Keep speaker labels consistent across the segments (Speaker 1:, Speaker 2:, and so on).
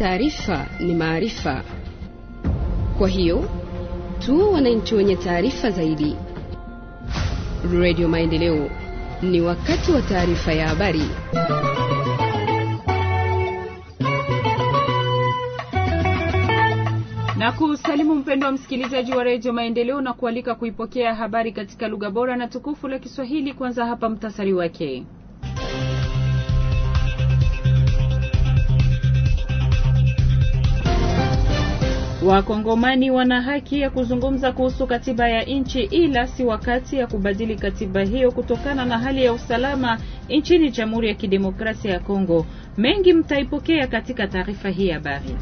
Speaker 1: Taarifa ni maarifa, kwa hiyo tu wananchi wenye taarifa zaidi. Radio Maendeleo, ni wakati wa taarifa ya habari. na kusalimu mpendo wa msikilizaji wa redio Maendeleo na kualika kuipokea habari katika lugha bora na tukufu la Kiswahili. Kwanza hapa mtasari wake. Wakongomani wana haki ya kuzungumza kuhusu katiba ya nchi, ila si wakati ya kubadili katiba hiyo kutokana na hali ya usalama nchini Jamhuri ya Kidemokrasia ya Kongo. Mengi mtaipokea katika taarifa hii ya habari.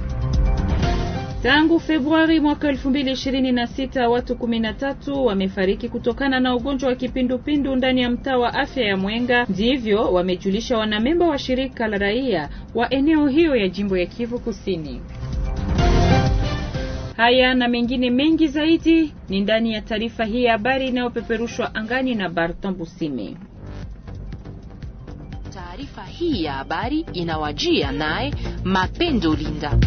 Speaker 1: Tangu Februari mwaka 2026 watu 13 wamefariki kutokana na ugonjwa wa kipindupindu ndani ya mtaa wa afya ya Mwenga. Ndivyo wamejulisha wanamemba wa shirika la raia wa eneo hiyo ya jimbo ya Kivu Kusini. Haya na mengine mengi zaidi ni ndani ya taarifa hii ya habari inayopeperushwa angani na Barton Busime. Taarifa hii ya habari inawajia naye Mapendo Linda.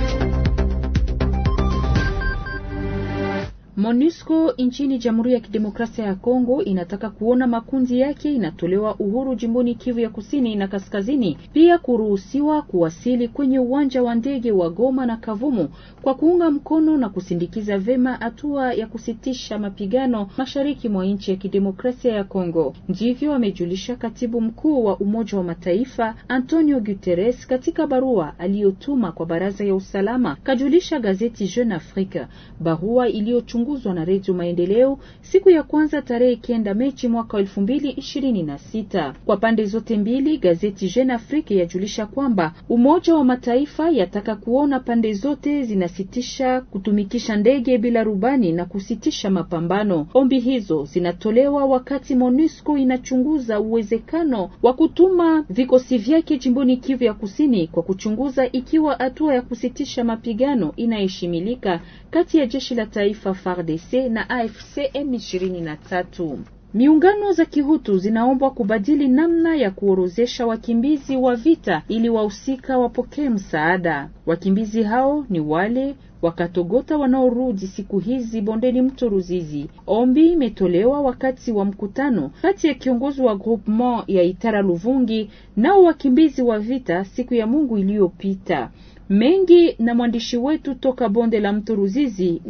Speaker 1: MONUSCO nchini Jamhuri ya Kidemokrasia ya Kongo inataka kuona makundi yake inatolewa uhuru jimboni Kivu ya Kusini na Kaskazini, pia kuruhusiwa kuwasili kwenye uwanja wa ndege wa Goma na Kavumu kwa kuunga mkono na kusindikiza vema hatua ya kusitisha mapigano mashariki mwa nchi ya Kidemokrasia ya Kongo. Ndivyo amejulisha katibu mkuu wa Umoja wa Mataifa Antonio Guterres katika barua aliyotuma kwa Baraza ya Usalama, kajulisha gazeti Jeune Afrique, barua iliyo kuchunguzwa na Redio Maendeleo siku ya kwanza tarehe kenda Mechi mwaka elfu mbili ishirini na sita. Kwa pande zote mbili, gazeti Jeune Afrique yajulisha kwamba Umoja wa Mataifa yataka kuona pande zote zinasitisha kutumikisha ndege bila rubani na kusitisha mapambano. Ombi hizo zinatolewa wakati MONUSCO inachunguza uwezekano wa kutuma vikosi vyake jimboni Kivu ya Kusini kwa kuchunguza ikiwa hatua ya kusitisha mapigano inayeshimilika kati ya jeshi la taifa FARDC na AFC M23. Miungano za kihutu zinaombwa kubadili namna ya kuorozesha wakimbizi wa vita ili wahusika wapokee msaada. Wakimbizi hao ni wale wakatogota wanaorudi siku hizi bondeni mto Ruzizi. Ombi imetolewa wakati wa mkutano kati ya kiongozi wa groupement ya Itara Luvungi nao wakimbizi wa vita siku ya Mungu iliyopita mengi na
Speaker 2: mwandishi wetu toka bonde la mto Ruzizi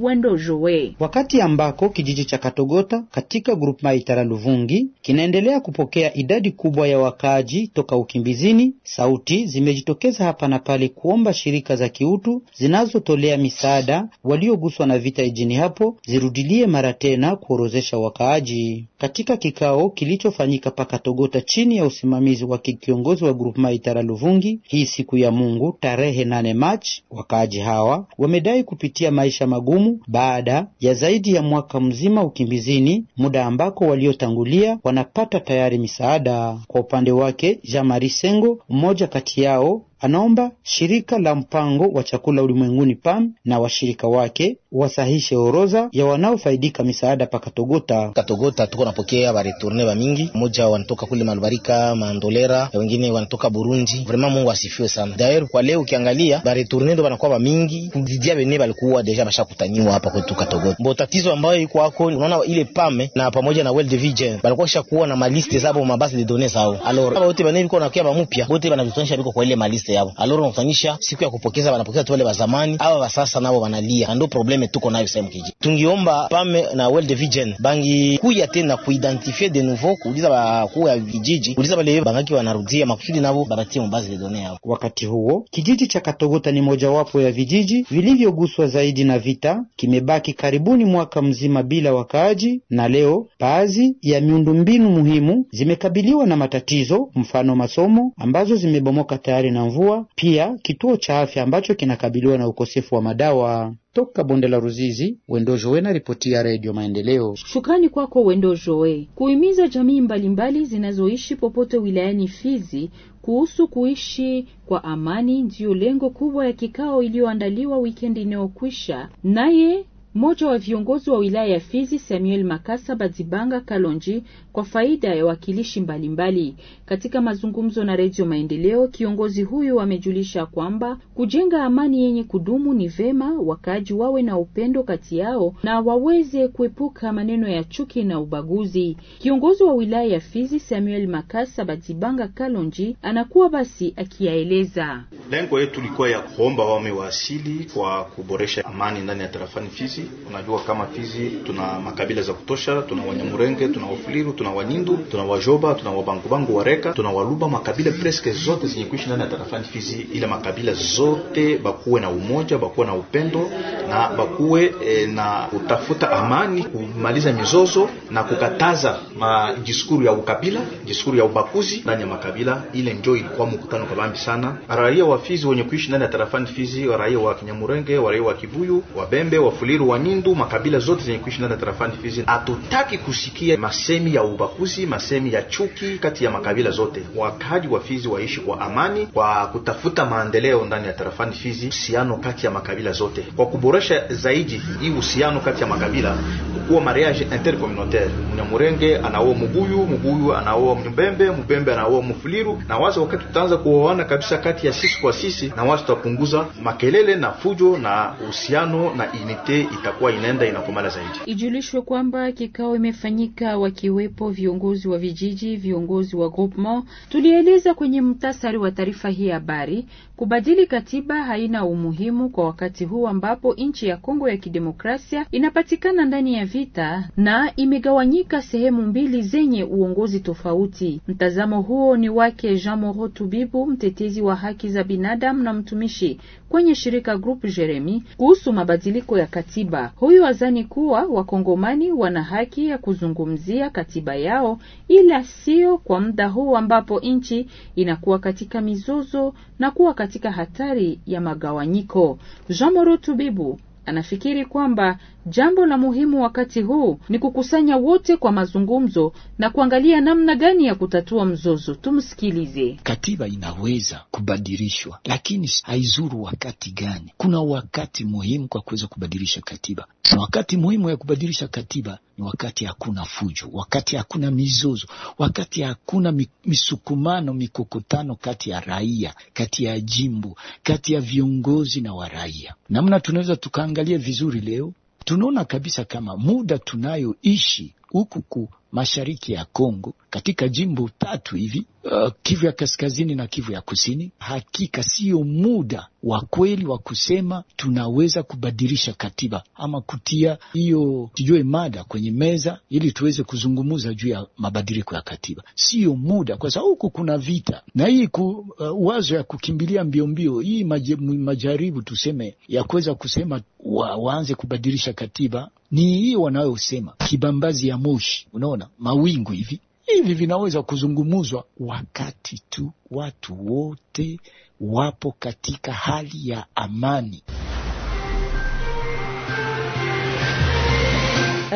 Speaker 2: Joe. Wakati ambako kijiji cha Katogota katika grupu Maitara Luvungi kinaendelea kupokea idadi kubwa ya wakaaji toka ukimbizini, sauti zimejitokeza hapa na pale kuomba shirika za kiutu zinazotolea misaada walioguswa na vita jijini hapo zirudilie mara tena kuorozesha wakaaji. Katika kikao kilichofanyika Pakatogota chini ya usimamizi wa kiongozi wa grupu Maitara Luvungi hii siku ya Mungu tarehe nane nane Machi, wakaaji hawa wamedai kupitia maisha magumu baada ya zaidi ya mwaka mzima ukimbizini, muda ambako waliotangulia wanapata tayari misaada. Kwa upande wake, Jean Marie Sengo, mmoja kati yao Anaomba shirika la mpango wa chakula ulimwenguni PAM na washirika wake wasahishe oroza ya wanaofaidika misaada pa Katogota. Katogota tuko napokea bareturne ba mingi, moja wanatoka kule Malubarika Mandolera,
Speaker 3: wengine wanatoka Burundi. Vraiment Mungu asifiwe sana. Daer kwa leo ukiangalia bareturne ndo banakuwa ba mingi kuzidia bene balikuwa deja bashakutaniwa hapa kwetu Katogota. Mbo tatizo ambayo iko hako, unaona ile PAM na pamoja na World Vision balikuwa shakuwa na maliste zabo mabasi de données zao. Alors wote bane biko nakia ba mupya, wote banavitonesha biko kwa ile maliste beste yabo. Aloro nafanisha siku ya kupokeza wanapokeza tu wale wa zamani, hawa wa sasa nao wanalia, na ndio probleme tuko nayo sehemu kijiji. Tungiomba pame na World Vision bangi kuya tena kuidentify de nouveau, kuuliza wakuu ya vijiji, kuuliza wale bangaki
Speaker 2: wanarudia makusudi nao babatie mbazi de données yao. Wakati huo kijiji cha Katogota ni mojawapo ya vijiji vilivyoguswa zaidi na vita, kimebaki karibuni mwaka mzima bila wakaaji, na leo baadhi ya miundombinu muhimu zimekabiliwa na matatizo, mfano masomo ambazo zimebomoka tayari na mvua mvua, pia kituo cha afya ambacho kinakabiliwa na ukosefu wa madawa. Toka bonde la Ruzizi, Wendo Joe na ripoti ya Redio Maendeleo.
Speaker 1: Shukrani kwako Wendo Joe. Kuhimiza jamii mbalimbali zinazoishi popote wilayani Fizi kuhusu kuishi kwa amani ndiyo lengo kubwa ya kikao iliyoandaliwa wikendi inayokwisha naye mmoja wa viongozi wa wilaya ya Fizi Samuel Makasa Badibanga Kalonji kwa faida ya wakilishi mbalimbali. Katika mazungumzo na Redio Maendeleo, kiongozi huyu amejulisha kwamba kujenga amani yenye kudumu ni vema wakaaji wawe na upendo kati yao na waweze kuepuka maneno ya chuki na ubaguzi. Kiongozi wa wilaya ya Fizi Samuel Makasa Badibanga Kalonji anakuwa basi akiyaeleza.
Speaker 4: Lengo yetu ilikuwa ya kuomba wame wa asili kwa kuboresha amani ndani ya tarafani Fizi sisi unajua kama Fizi tuna makabila za kutosha, tuna Wanyamurenge, tuna Wafuliru, tuna Wanindu, tuna Wajoba, tuna Wabangubangu, Wareka, tuna Waluba, makabila preske zote zenye kuishi ndani ya tarafani Fizi. Ila makabila zote bakuwe na umoja, bakuwe na upendo na bakuwe e, na utafuta amani, kumaliza mizozo na kukataza majiskuru ya ukabila, jiskuru ya ubakuzi ndani ya makabila. Ile njo ilikuwa mkutano kabambi sana. Raia wa Fizi wenye kuishi ndani ya tarafani Fizi, raia wa Kinyamurenge, raia wa Kibuyu, Wabembe, Wafuliru Wanindu, makabila zote zenye kuishi ndani ya tarafani Fizi, hatutaki kusikia masemi ya ubakuzi, masemi ya chuki kati ya makabila zote. Wakaji wa Fizi waishi kwa amani, kwa kutafuta maendeleo ndani ya tarafani Fizi, uhusiano kati ya makabila zote, kwa kuboresha zaidi hii uhusiano kati ya makabila, kukuwa mariage intercommunautaire. Mnyamurenge anaoa Muguyu, Muguyu anaoa Mnyumbembe, Mbembe anaoa Mufuliru, na wazo wakati tutaanza kuoana kabisa kati ya sisi kwa sisi, na wazo tutapunguza makelele na fujo na uhusiano na unite itakuwa inaenda inakomala zaidi.
Speaker 1: Ijulishwe kwamba kikao imefanyika wakiwepo viongozi wa vijiji, viongozi wa groupement. Tulieleza kwenye mtasari wa taarifa hii habari, kubadili katiba haina umuhimu kwa wakati huu ambapo nchi ya Kongo ya Kidemokrasia inapatikana ndani ya vita na imegawanyika sehemu mbili zenye uongozi tofauti. Mtazamo huo ni wake Jean Moro Tubibu, mtetezi wa haki za binadamu na mtumishi kwenye shirika Group Jeremi kuhusu mabadiliko ya katiba. Huyu wazani kuwa wakongomani wana haki ya kuzungumzia katiba yao, ila sio kwa muda huu ambapo nchi inakuwa katika mizozo na kuwa katika hatari ya magawanyiko. Jean Moro Tubibu anafikiri kwamba Jambo la muhimu wakati huu ni kukusanya wote kwa mazungumzo na kuangalia namna gani ya kutatua mzozo. Tumsikilize.
Speaker 5: Katiba inaweza kubadilishwa, lakini haizuru wakati gani. Kuna wakati muhimu kwa kuweza kubadilisha katiba, na wakati muhimu ya kubadilisha katiba ni wakati hakuna fujo, wakati hakuna mizozo, wakati hakuna misukumano, mikokotano kati ya raia, kati ya jimbo, kati ya viongozi na waraia. Namna tunaweza tukaangalia vizuri leo tunaona kabisa kama muda tunayoishi huku ku mashariki ya Kongo katika jimbo tatu hivi, uh, Kivu ya kaskazini na Kivu ya kusini. Hakika siyo muda wa kweli wa kusema tunaweza kubadilisha katiba ama kutia hiyo tujue mada kwenye meza ili tuweze kuzungumza juu ya mabadiliko ya katiba. Siyo muda, kwa sababu huku kuna vita na hii ku, uh, wazo ya kukimbilia mbio mbio hii maj, majaribu tuseme ya kuweza kusema wa, waanze kubadilisha katiba ni hiyo wanayosema kibambazi ya moshi, unaona mawingu hivi hivi vinaweza kuzungumuzwa wakati tu watu wote wapo katika hali ya amani.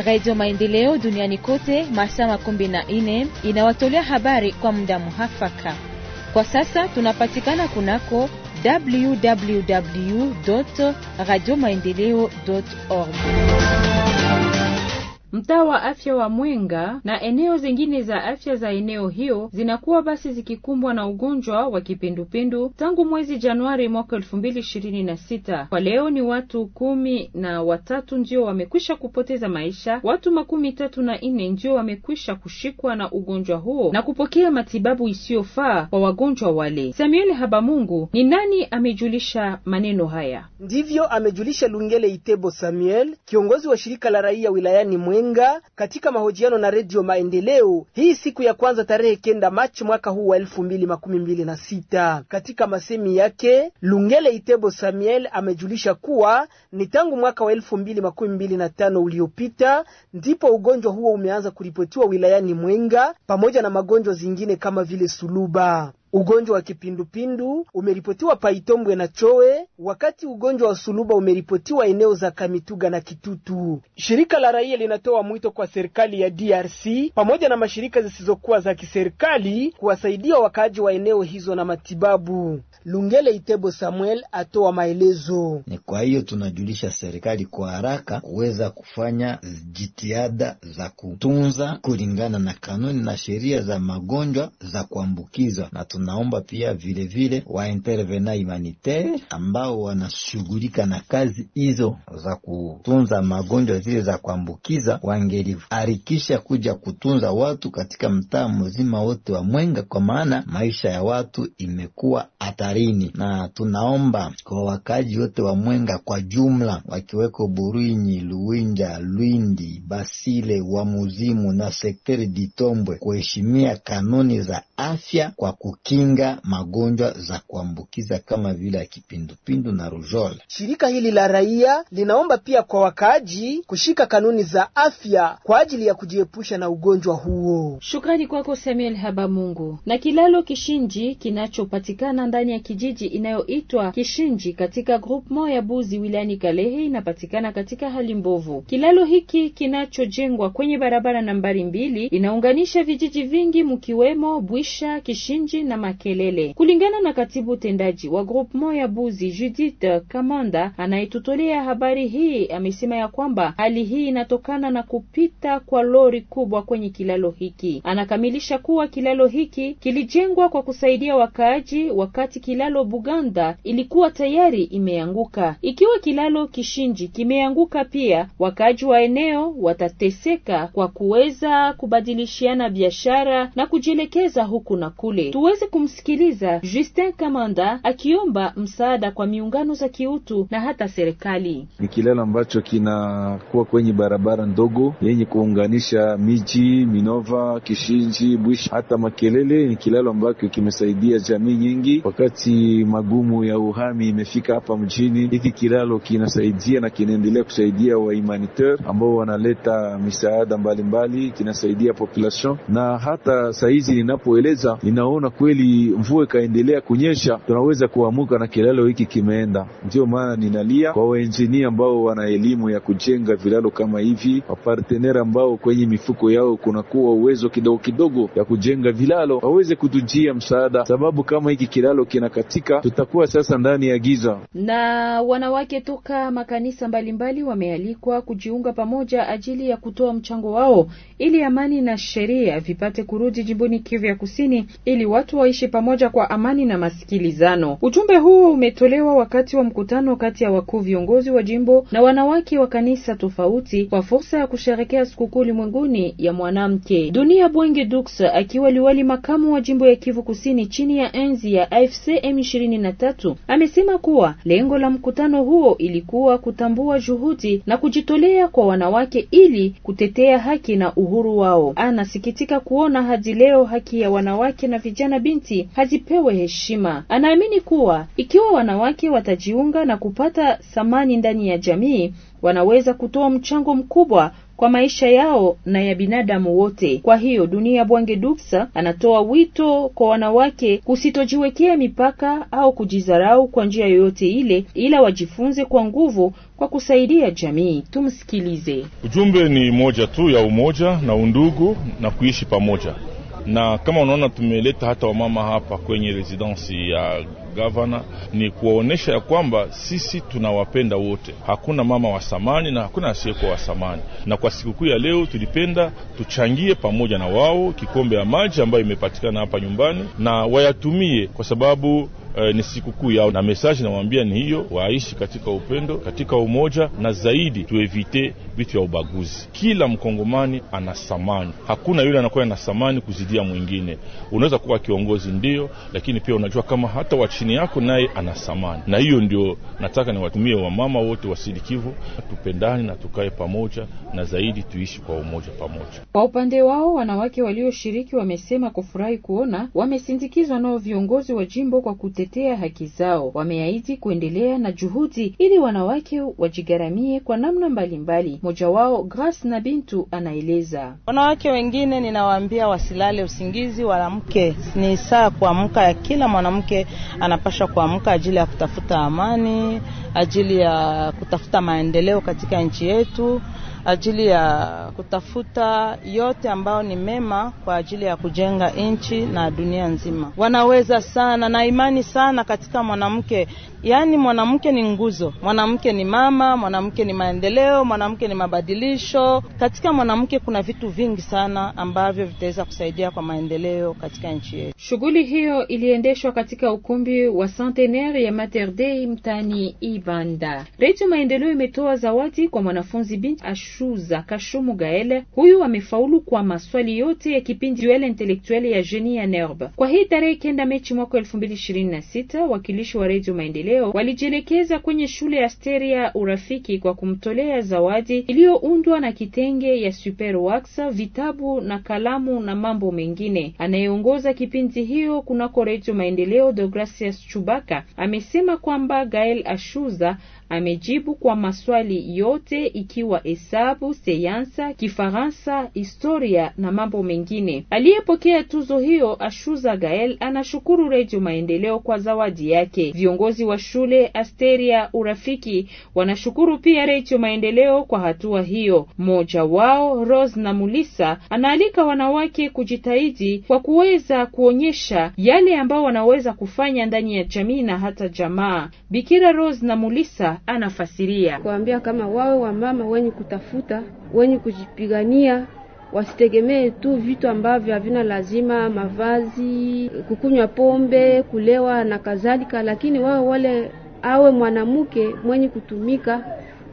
Speaker 1: Radio Maendeleo duniani kote masaa makumi na nne inawatolea habari kwa muda muhafaka. Kwa sasa tunapatikana kunako www radio maendeleo org mtaa wa afya wa Mwenga na eneo zingine za afya za eneo hiyo zinakuwa basi zikikumbwa na ugonjwa wa kipindupindu tangu mwezi Januari mwaka sita. Kwa leo ni watu kumi na watatu ndio wamekwisha kupoteza maisha, watu makumi tatu na nne ndio wamekwisha kushikwa na ugonjwa huo na kupokea matibabu isiyofaa kwa wagonjwa wale. Samuel Habamungu ni nani amejulisha maneno haya?
Speaker 3: Ndivyo amejulisha Lungele Itebo Samuel, kiongozi wa shirika la raia wilayani Mwenga Makenga katika mahojiano na Redio Maendeleo hii siku ya kwanza tarehe kenda Machi mwaka huu wa elfu mbili makumi mbili na sita. Katika masemi yake Lungele Itebo Samuel amejulisha kuwa ni tangu mwaka wa elfu mbili makumi mbili na tano uliopita ndipo ugonjwa huo umeanza kuripotiwa wilayani Mwenga pamoja na magonjwa zingine kama vile suluba. Ugonjwa wa kipindupindu umeripotiwa Paitombwe na Choe, wakati ugonjwa wa suluba umeripotiwa eneo za Kamituga na Kitutu. Shirika la raia linatoa mwito kwa serikali ya DRC pamoja na mashirika zisizokuwa za kiserikali kuwasaidia wakaaji wa eneo hizo na matibabu. Lungele Itebo Samuel atoa maelezo. Ni
Speaker 5: kwa hiyo tunajulisha serikali kwa haraka kuweza kufanya jitihada za kutunza kulingana na kanuni na sheria za magonjwa za kuambukizwa na tuna tunaomba pia vilevile waintervena humanitaire ambao wanashughulika na kazi hizo za kutunza magonjwa zile za kuambukiza, wangeliharikisha kuja kutunza watu katika mtaa mzima wote wa Mwenga, kwa maana maisha ya watu imekuwa hatarini, na tunaomba kwa wakaji wote wa Mwenga kwa jumla wakiweko Burinyi, luinja Lwindi, Basile, Wamuzimu na sekteri Ditombwe kuheshimia kanuni za afya kwa kuki kinga magonjwa za kuambukiza kama vile ya kipindupindu na rujola. Shirika
Speaker 3: hili la raia linaomba pia kwa wakaaji kushika kanuni za afya kwa ajili ya kujiepusha na ugonjwa huo.
Speaker 1: Shukrani kwako Samuel Habamungu. Na kilalo Kishinji kinachopatikana ndani ya kijiji inayoitwa Kishinji katika groupement ya Buzi wilayani Kalehe inapatikana katika hali mbovu. Kilalo hiki kinachojengwa kwenye barabara nambari mbili inaunganisha vijiji vingi mkiwemo Bwisha, Kishinji na na makelele. Kulingana na katibu tendaji wa groupement ya Buzi, Judith Kamanda, anayetutolea habari hii, amesema ya kwamba hali hii inatokana na kupita kwa lori kubwa kwenye kilalo hiki. Anakamilisha kuwa kilalo hiki kilijengwa kwa kusaidia wakaaji wakati kilalo Buganda ilikuwa tayari imeanguka. Ikiwa kilalo Kishinji kimeanguka pia, wakaaji wa eneo watateseka kwa kuweza kubadilishiana biashara na kujielekeza huku na kule tuweze tuweze kumsikiliza Justin Kamanda akiomba msaada kwa miungano za kiutu na hata serikali.
Speaker 6: Ni kilalo ambacho kinakuwa kwenye barabara ndogo yenye kuunganisha miji Minova, Kishinji, Bwishi hata Makelele. Ni kilalo ambacho kimesaidia jamii nyingi wakati magumu ya uhami imefika hapa mjini. Hiki kilalo kinasaidia na kinaendelea kusaidia humanitaire ambao wanaleta misaada mbalimbali kinasaidia population na hata saizi ninapoeleza ninaona kweli kweli mvua ikaendelea kunyesha, tunaweza kuamuka na kilalo hiki kimeenda. Ndiyo maana ninalia kwa waenjinia ambao wana elimu ya kujenga vilalo kama hivi, wapartenera ambao kwenye mifuko yao kunakuwa uwezo kidogo kidogo ya kujenga vilalo, waweze kutujia msaada, sababu kama hiki kilalo kinakatika, tutakuwa sasa ndani ya giza.
Speaker 1: Na wanawake toka makanisa mbalimbali wamealikwa kujiunga pamoja ajili ya kutoa mchango wao ili amani na sheria vipate kurudi jimboni Kivu ya Kusini ili watu wa waishi pamoja kwa amani na masikilizano. Ujumbe huo umetolewa wakati wa mkutano kati ya wakuu viongozi wa jimbo na wanawake wa kanisa tofauti kwa fursa ya kusherekea sikukuu ulimwenguni ya mwanamke. Dunia Bwenge Dux akiwa liwali makamu wa jimbo ya Kivu Kusini chini ya enzi ya AFC M23 amesema kuwa lengo la mkutano huo ilikuwa kutambua juhudi na kujitolea kwa wanawake ili kutetea haki na uhuru wao. Anasikitika kuona hadi leo haki ya wanawake na vijana bin binti hazipewe heshima. Anaamini kuwa ikiwa wanawake watajiunga na kupata thamani ndani ya jamii, wanaweza kutoa mchango mkubwa kwa maisha yao na ya binadamu wote. Kwa hiyo Dunia Bwange Duksa anatoa wito kwa wanawake kusitojiwekea mipaka au kujizarau kwa njia yoyote ile, ila wajifunze kwa nguvu kwa kusaidia jamii. Tumsikilize.
Speaker 4: Ujumbe ni moja tu ya umoja na undugu na kuishi pamoja na kama unaona tumeleta hata wamama hapa kwenye residence ya gavana ni kuwaonyesha ya kwamba sisi tunawapenda wote, hakuna mama wa samani na hakuna asiyekuwa wa samani. Na kwa sikukuu ya leo tulipenda tuchangie pamoja na wao kikombe ya maji ambayo imepatikana hapa nyumbani, na wayatumie kwa sababu Uh, ni sikukuu yao na mesaji nawaambia ni hiyo, waishi katika upendo, katika umoja, na zaidi tuevite vitu vya ubaguzi. Kila mkongomani ana samani, hakuna yule anakuwa na samani kuzidia mwingine. Unaweza kuwa kiongozi ndio, lakini pia unajua kama hata wachini chini yako naye ana thamani, na hiyo ndio nataka niwatumie wamama wote wasidikivu, tupendane na tukae pamoja, na zaidi tuishi kwa umoja pamoja.
Speaker 1: Kwa upande wao wanawake walioshiriki wamesema kufurahi kuona wamesindikizwa nao viongozi wa jimbo kwa kutetea haki zao. Wameahidi kuendelea na juhudi ili wanawake wajigharamie kwa namna mbalimbali. Mmoja wao Grace na Bintu anaeleza wanawake wengine, ninawaambia wasilale usingizi, wanamke ni saa kuamka, kila mwanamke ana anapasha kuamka ajili ya kutafuta amani, ajili ya kutafuta maendeleo katika nchi yetu ajili ya kutafuta yote ambayo ni mema kwa ajili ya kujenga nchi na dunia nzima. Wanaweza sana na imani sana katika mwanamke. Yaani mwanamke ni nguzo, mwanamke ni mama, mwanamke ni maendeleo, mwanamke ni mabadilisho. Katika mwanamke kuna vitu vingi sana ambavyo vitaweza kusaidia kwa maendeleo katika nchi yetu. Shughuli hiyo iliendeshwa katika ukumbi wa Centenaire ya Mater Dei mtani Ibanda. Redio Maendeleo imetoa zawadi kwa mwanafunzi binti Kashuza Kashumu Gaele, huyu amefaulu kwa maswali yote ya kipindi duel intelektuel ya jeni ya NERB. Kwa hii tarehe kenda Mechi mwaka elfu mbili ishirini na sita wakilishi wa Redio Maendeleo walijielekeza kwenye shule ya steria Urafiki kwa kumtolea zawadi iliyoundwa na kitenge ya Super Wax, vitabu na kalamu na mambo mengine. Anayeongoza kipindi hiyo kunako Redio Maendeleo, Deogracias Chubaka amesema kwamba Gael Ashuza amejibu kwa maswali yote ikiwa esa hesabu, sayansa, Kifaransa, historia na mambo mengine. Aliyepokea tuzo hiyo Ashuza Gael anashukuru Redio Maendeleo kwa zawadi yake. Viongozi wa shule Asteria Urafiki wanashukuru pia Redio Maendeleo kwa hatua hiyo. Mmoja wao Rose na Mulisa anaalika wanawake kujitahidi kwa kuweza kuonyesha yale ambao wanaweza kufanya ndani ya jamii na hata jamaa. Bikira Rose na Mulisa anafasiria kuambia kama wawe wamama wenye kutafuta mafuta, wenye kujipigania wasitegemee tu vitu ambavyo havina lazima, mavazi, kukunywa pombe, kulewa na kadhalika, lakini wao wale awe mwanamke mwenye kutumika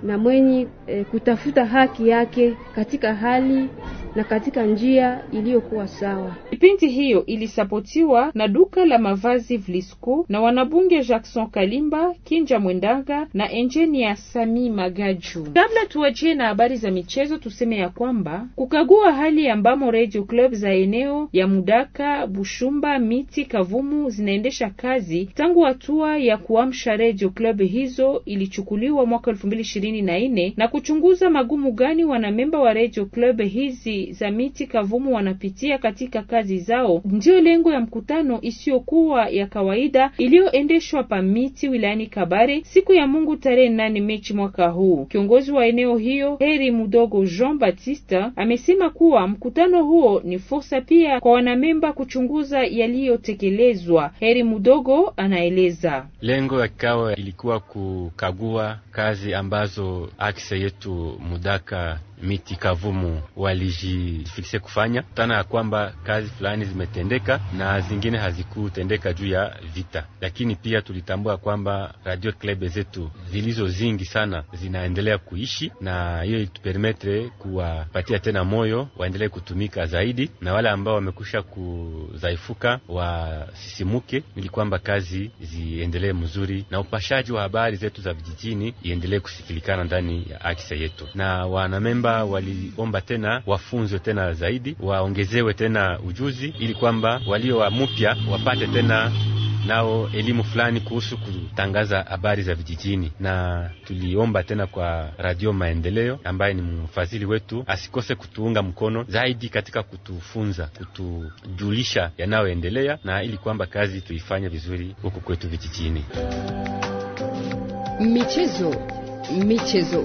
Speaker 1: na mwenye e, kutafuta haki yake katika hali na katika njia iliyokuwa sawa. Kipindi hiyo ilisapotiwa na duka la mavazi Vlisco na wanabunge Jackson Kalimba, Kinja Mwendanga na enjenia Sami Magaju. Kabla tuachie na habari za michezo, tuseme ya kwamba kukagua hali ambamo radio club za eneo ya Mudaka, Bushumba, Miti, Kavumu zinaendesha kazi tangu hatua ya kuamsha radio club hizo ilichukuliwa mwaka 2024 na kuchunguza magumu gani wanamemba wa radio club hizi za miti Kavumu wanapitia katika kazi zao, ndiyo lengo ya mkutano isiyokuwa ya kawaida iliyoendeshwa pa miti wilayani Kabare siku ya Mungu tarehe nane Mechi mwaka huu. Kiongozi wa eneo hiyo Heri Mudogo Jean Baptiste amesema kuwa mkutano huo ni fursa pia kwa wanamemba kuchunguza yaliyotekelezwa. Heri Mudogo anaeleza
Speaker 7: lengo ya kikao ilikuwa kukagua kazi ambazo akse yetu Mudaka miti Kavumu walijifikisha kufanya tana ya kwamba kazi fulani zimetendeka na zingine hazikutendeka juu ya vita, lakini pia tulitambua kwamba radio klebe zetu zilizo zingi sana zinaendelea kuishi, na hiyo ilitupermetre kuwapatia tena moyo waendelee kutumika zaidi, na wale ambao wamekusha kuzaifuka wasisimuke, ili kwamba kazi ziendelee mzuri na upashaji wa habari zetu za vijijini iendelee kusikilikana ndani ya aksa yetu na wanamemba kwamba waliomba tena wafunzwe tena zaidi, waongezewe tena ujuzi, ili kwamba walio wa mupya wapate tena nao elimu fulani kuhusu kutangaza habari za vijijini. Na tuliomba tena kwa Radio Maendeleo ambaye ni mfadhili wetu asikose kutuunga mkono zaidi katika kutufunza, kutujulisha yanayoendelea, na ili kwamba kazi tuifanye vizuri huku kwetu vijijini.
Speaker 1: Michezo, michezo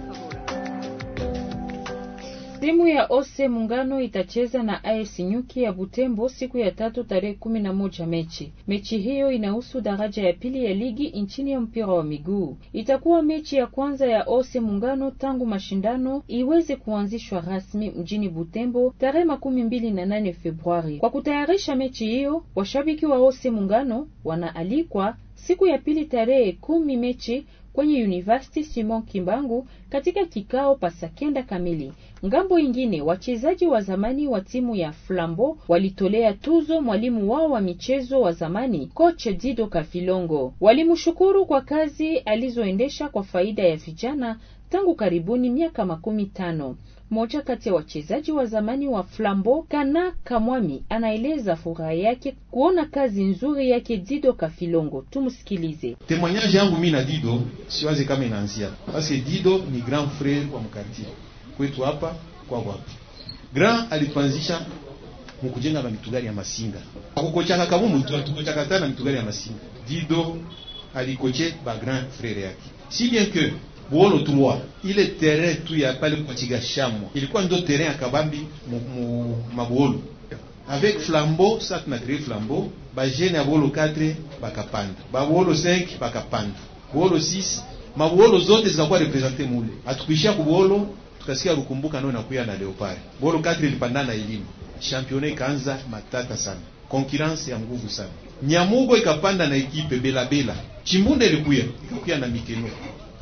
Speaker 1: Timu ya Ose Muungano itacheza na AS Nyuki ya Butembo siku ya tatu tarehe kumi na moja mechi. Mechi hiyo inahusu daraja ya pili ya ligi nchini ya mpira wa miguu. Itakuwa mechi ya kwanza ya Ose Muungano tangu mashindano iweze kuanzishwa rasmi mjini Butembo tarehe makumi mbili na nane Februari. Kwa kutayarisha mechi hiyo, washabiki wa Ose Muungano wanaalikwa siku ya pili tarehe kumi mechi kwenye University Simon Kimbangu katika kikao pasakenda kamili. Ngambo ingine, wachezaji wa zamani wa timu ya Flambo walitolea tuzo mwalimu wao wa michezo wa zamani coach Dido Kafilongo. Walimshukuru kwa kazi alizoendesha kwa faida ya vijana tangu karibuni miaka makumi tano. Mmoja kati ya wachezaji wa zamani wa Flambo Kana Kamwami anaeleza furaha yake kuona kazi nzuri yake Dido Kafilongo. Tumsikilize.
Speaker 8: Temoignage yangu mimi na Dido siwaze kama inaanzia parce Dido ni grand frere wa mkati kwetu hapa kwa wapi. Grand alipanzisha mukujenga mitugari ya Masinga kukochaka kabumu tukochaka tana mitugari ya Masinga. Dido alikoche ba grand frère yake si bien que bwolo trois ile terrain tu ya pale mkwachigashamo ilikuwa ndio terrain ya kabambi mabwolo avec flambeau sa tunacree flambeau jeune ya bolo 4 bakapanda bolo 5 bakapanda bolo 6 mabwolo zote zinakuwa represente mule atukishia ku bolo tukasikia kukumbuka nao nakuya na leopard bolo 4 ilipanda na elimu championnat ikaanza matata sana concurrence ya nguvu sana Nyamugo ikapanda na ekipe belabela, chimbunde ilikuya ikakuya na Mikeno,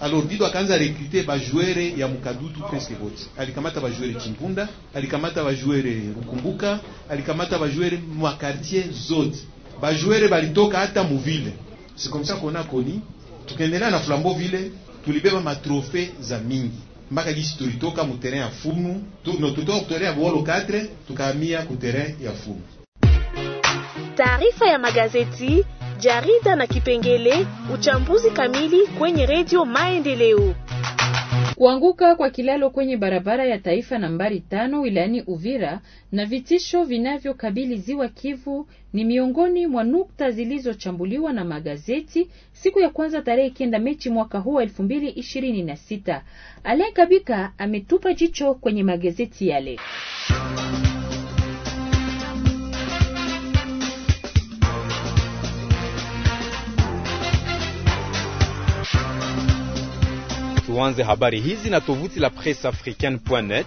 Speaker 8: Alors Dido akaanza rekrute bajwere ya Mukadutu presque vote. Alikamata bajwere Chimpunda, alikamata bajwere Rukumbuka, alikamata bajwere mwakartier zote. Bajwere balitoka hata muvile. C'est comme ça qu'on a connu. Tukaendelea na Flambeauville, tulibeba matrofe za mingi mpaka gisi tulitoka mu terrain ya fumu tu, no, tulitoka terrain ya Bwolo 4 tukahamia ku terrain ya fumu.
Speaker 1: Taarifa ya magazeti jarida na kipengele uchambuzi kamili kwenye redio Maendeleo. Kuanguka kwa kilalo kwenye barabara ya taifa nambari tano wilayani Uvira na vitisho vinavyokabili ziwa Kivu ni miongoni mwa nukta zilizochambuliwa na magazeti siku ya kwanza tarehe kenda Mechi mwaka huu wa elfu mbili ishirini na sita. Alain Kabika ametupa jicho kwenye magazeti yale.
Speaker 6: Tuanze habari hizi na tovuti la presseafricaine.net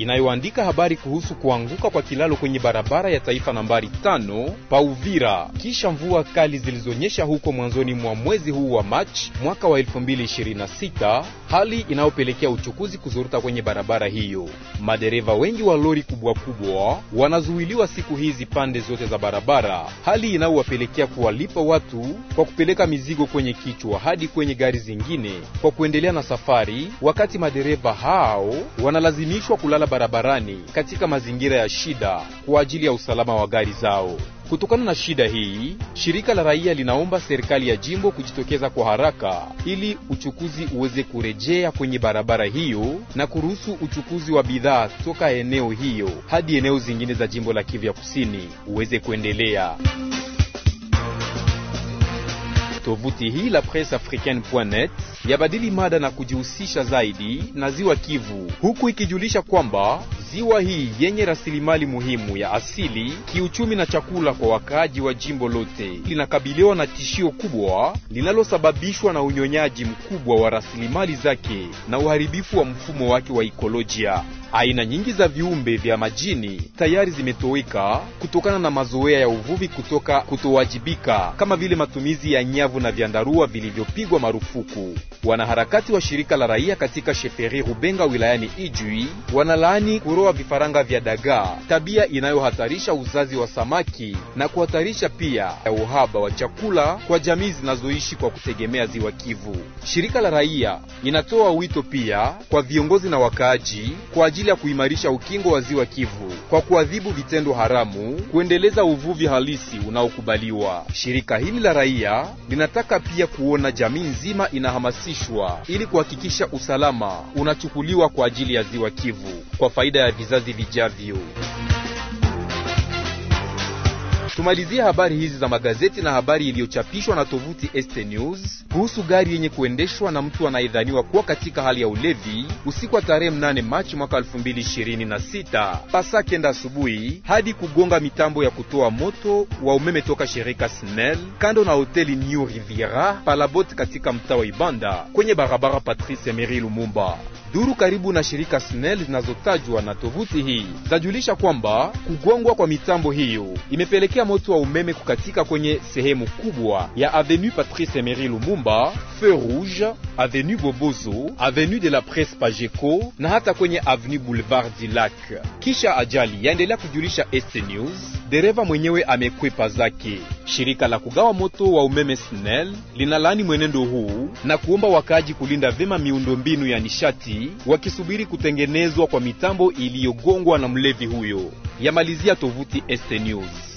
Speaker 6: inayoandika habari kuhusu kuanguka kwa kilalo kwenye barabara ya taifa nambari tano pa Uvira kisha mvua kali zilizonyesha huko mwanzoni mwa mwezi huu wa Machi mwaka wa 2026, hali inayopelekea uchukuzi kuzuruta kwenye barabara hiyo. Madereva wengi wa lori kubwa kubwa wanazuiliwa siku hizi pande zote za barabara, hali inayowapelekea kuwalipa watu kwa kupeleka mizigo kwenye kichwa hadi kwenye gari zingine kwa kuendelea na safari, wakati madereva hao wanalazimishwa kulala barabarani katika mazingira ya shida kwa ajili ya usalama wa gari zao. Kutokana na shida hii, shirika la raia linaomba serikali ya jimbo kujitokeza kwa haraka ili uchukuzi uweze kurejea kwenye barabara hiyo na kuruhusu uchukuzi wa bidhaa toka eneo hiyo hadi eneo zingine za jimbo la Kivu ya Kusini uweze kuendelea. Tovuti hii la presseafricaine.net yabadili mada na kujihusisha zaidi na ziwa Kivu, huku ikijulisha kwamba ziwa hii yenye rasilimali muhimu ya asili, kiuchumi na chakula kwa wakaaji wa jimbo lote linakabiliwa na tishio kubwa linalosababishwa na unyonyaji mkubwa wa rasilimali zake na uharibifu wa mfumo wake wa ikolojia. Aina nyingi za viumbe vya majini tayari zimetoweka kutokana na mazoea ya uvuvi kutoka kutowajibika, kama vile matumizi ya nyavu na vyandarua vilivyopigwa marufuku. Wanaharakati wa shirika la raia katika Sheferi Rubenga wilayani Ijwi wanalaani kuroa vifaranga vya dagaa, tabia inayohatarisha uzazi wa samaki na kuhatarisha pia ya uhaba wa chakula kwa jamii zinazoishi kwa kutegemea ziwa Kivu. Shirika la raia inatoa wito pia kwa viongozi na wakaaji kwa ajili ya kuimarisha ukingo wa ziwa Kivu kwa kuadhibu vitendo haramu, kuendeleza uvuvi halisi unaokubaliwa. Shirika hili la raia linataka pia kuona jamii nzima inahamasishwa ili kuhakikisha usalama unachukuliwa kwa ajili ya ziwa Kivu kwa faida ya vizazi vijavyo. Tumalizie habari hizi za magazeti na habari iliyochapishwa na tovuti Este News kuhusu gari yenye kuendeshwa na mtu anayedhaniwa kuwa katika hali ya ulevi usiku wa tarehe 8 Machi mwaka 2026 pasa kenda asubuhi hadi kugonga mitambo ya kutoa moto wa umeme toka shirika SNEL kando na hoteli New Riviera Palabot katika mtaa wa Ibanda kwenye barabara Patrice Emery Lumumba. Duru karibu na shirika SNEL zinazotajwa na tovuti hii zajulisha kwamba kugongwa kwa mitambo hiyo imepelekea moto wa umeme kukatika kwenye sehemu kubwa ya Avenue Patrice Emery Lumumba, Feu Rouge, Avenue Bobozo, Avenue de la Presse Pageco na hata kwenye Avenue Boulevard du Lac. Kisha ajali yaendelea kujulisha ST News, dereva mwenyewe amekwepa zake. Shirika la kugawa moto wa umeme SNEL linalani mwenendo huu na kuomba wakaaji kulinda vema miundombinu ya nishati wakisubiri kutengenezwa kwa mitambo iliyogongwa na mlevi huyo. Yamalizia tovuti Este News.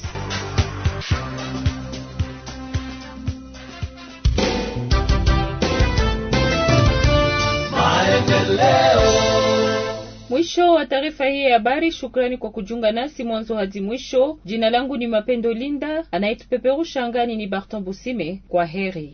Speaker 1: Mwisho wa taarifa hii ya habari. Shukrani kwa kujiunga nasi mwanzo hadi mwisho. Jina langu ni Mapendo Linda, anayetupeperusha angani ni Barton Busime. Kwa heri.